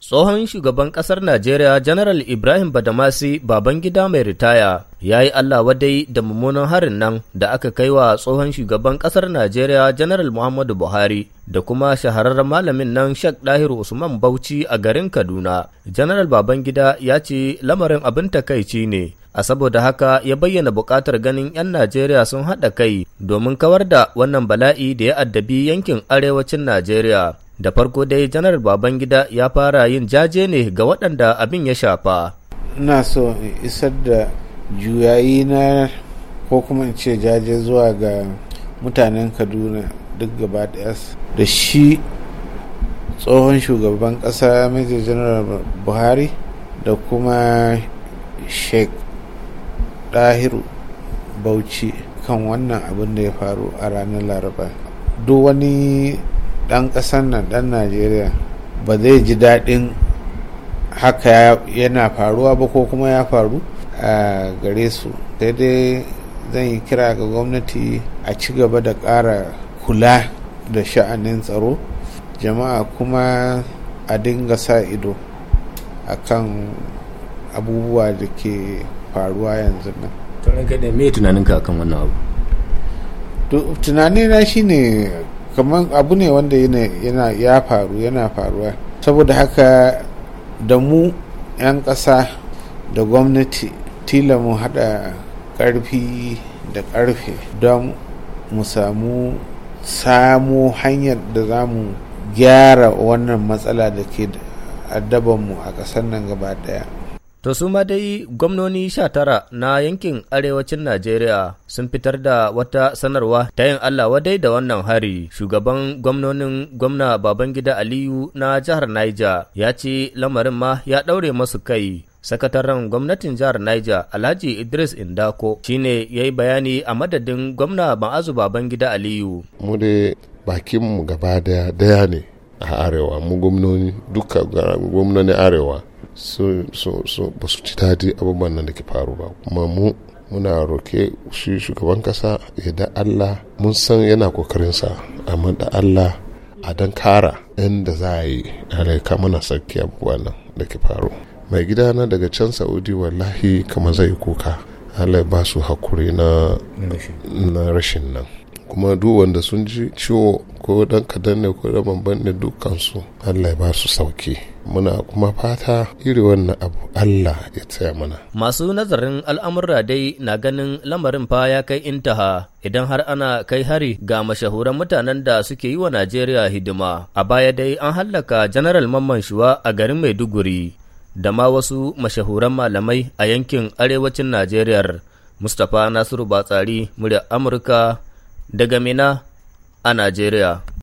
Tsohon shugaban ƙasar Najeriya Janaral Ibrahim Badamasi Babangida mai ritaya ya yi Allah wadai da mummunan harin nan da aka kai wa tsohon shugaban ƙasar Najeriya Janaral Muhammadu Buhari da kuma shahararren malamin nan Sheikh Dahiru Usman Bauchi a garin Kaduna. Janaral Babangida ya ce lamarin abin takaici ne, a saboda haka ya bayyana buƙatar ganin 'yan Najeriya sun haɗa kai domin kawar da wannan bala'i da ya addabi yankin arewacin Najeriya. Da farko dai janar Babangida ya fara yin jaje ne ga waɗanda abin ya shafa. Ina so isar da juyayi na ko kuma in ce jaje zuwa ga mutanen Kaduna duk gaba da shi tsohon shugaban ƙasa Major General Buhari da kuma Sheikh Dahiru Bauchi kan wannan abin da ya faru a ranar Laraba. Duk wani ɗan kasar nan ɗan najeriya ba zai ji daɗin haka yana faruwa ba ko kuma ya faru a gare su daidai zan yi kira ga gwamnati a ci gaba da ƙara kula da sha'anin tsaro jama'a kuma a dinga sa ido a kan abubuwa da ke faruwa yanzu nan tunaninka akan wannan abu tunanina shine kamar abu ne wanda yana ya faru yana faruwa saboda haka da mu 'yan ƙasa da gwamnati tila mu haɗa ƙarfi da ƙarfe don mu samu samo hanyar da za mu gyara wannan matsala da ke mu a ƙasar nan gaba ɗaya To su ma dai gwamnoni sha tara na yankin arewacin Najeriya sun fitar da wata sanarwa ta yin Allah wadai da wannan hari. Shugaban gwamnonin gwamna Babangida Aliyu na jihar Niger ya ce lamarin ma ya ɗaure masu kai. Sakataren gwamnatin jihar Niger Alhaji Idris Indako shine ya yi bayani a madadin gwamna Ma'azu Babangida Aliyu. Mu dai bakinmu gaba daya ne a arewa mu gwamnoni duka gwamnoni arewa. ba su ci daɗi abubuwan nan da ke faru ba kuma mu muna roke shi shugaban ƙasa. ya da Allah mun san yana kokarinsa amma da Allah a dan kara inda za a yi alaika mana sarki abubuwan nan da ke faru mai gida na daga can saudi wallahi kama zai kuka Allah ba su hakuri na rashin nan kuma duk wanda sun ji ciwo ko dan kadan ne ko da bamban ne dukkansu Allah ya ba su sauki muna kuma fata iri wannan abu Allah ya tsaya mana masu nazarin al'amurra dai na ganin lamarin fa ya kai intaha idan har ana kai hari ga mashahuran mutanen da suke yi wa Najeriya hidima a baya dai an hallaka General Mamman Shuwa a garin Maiduguri da ma wasu mashahuran malamai a yankin arewacin Najeriya Mustapha Nasiru Batsari murya Amurka daga Mina a Najeriya.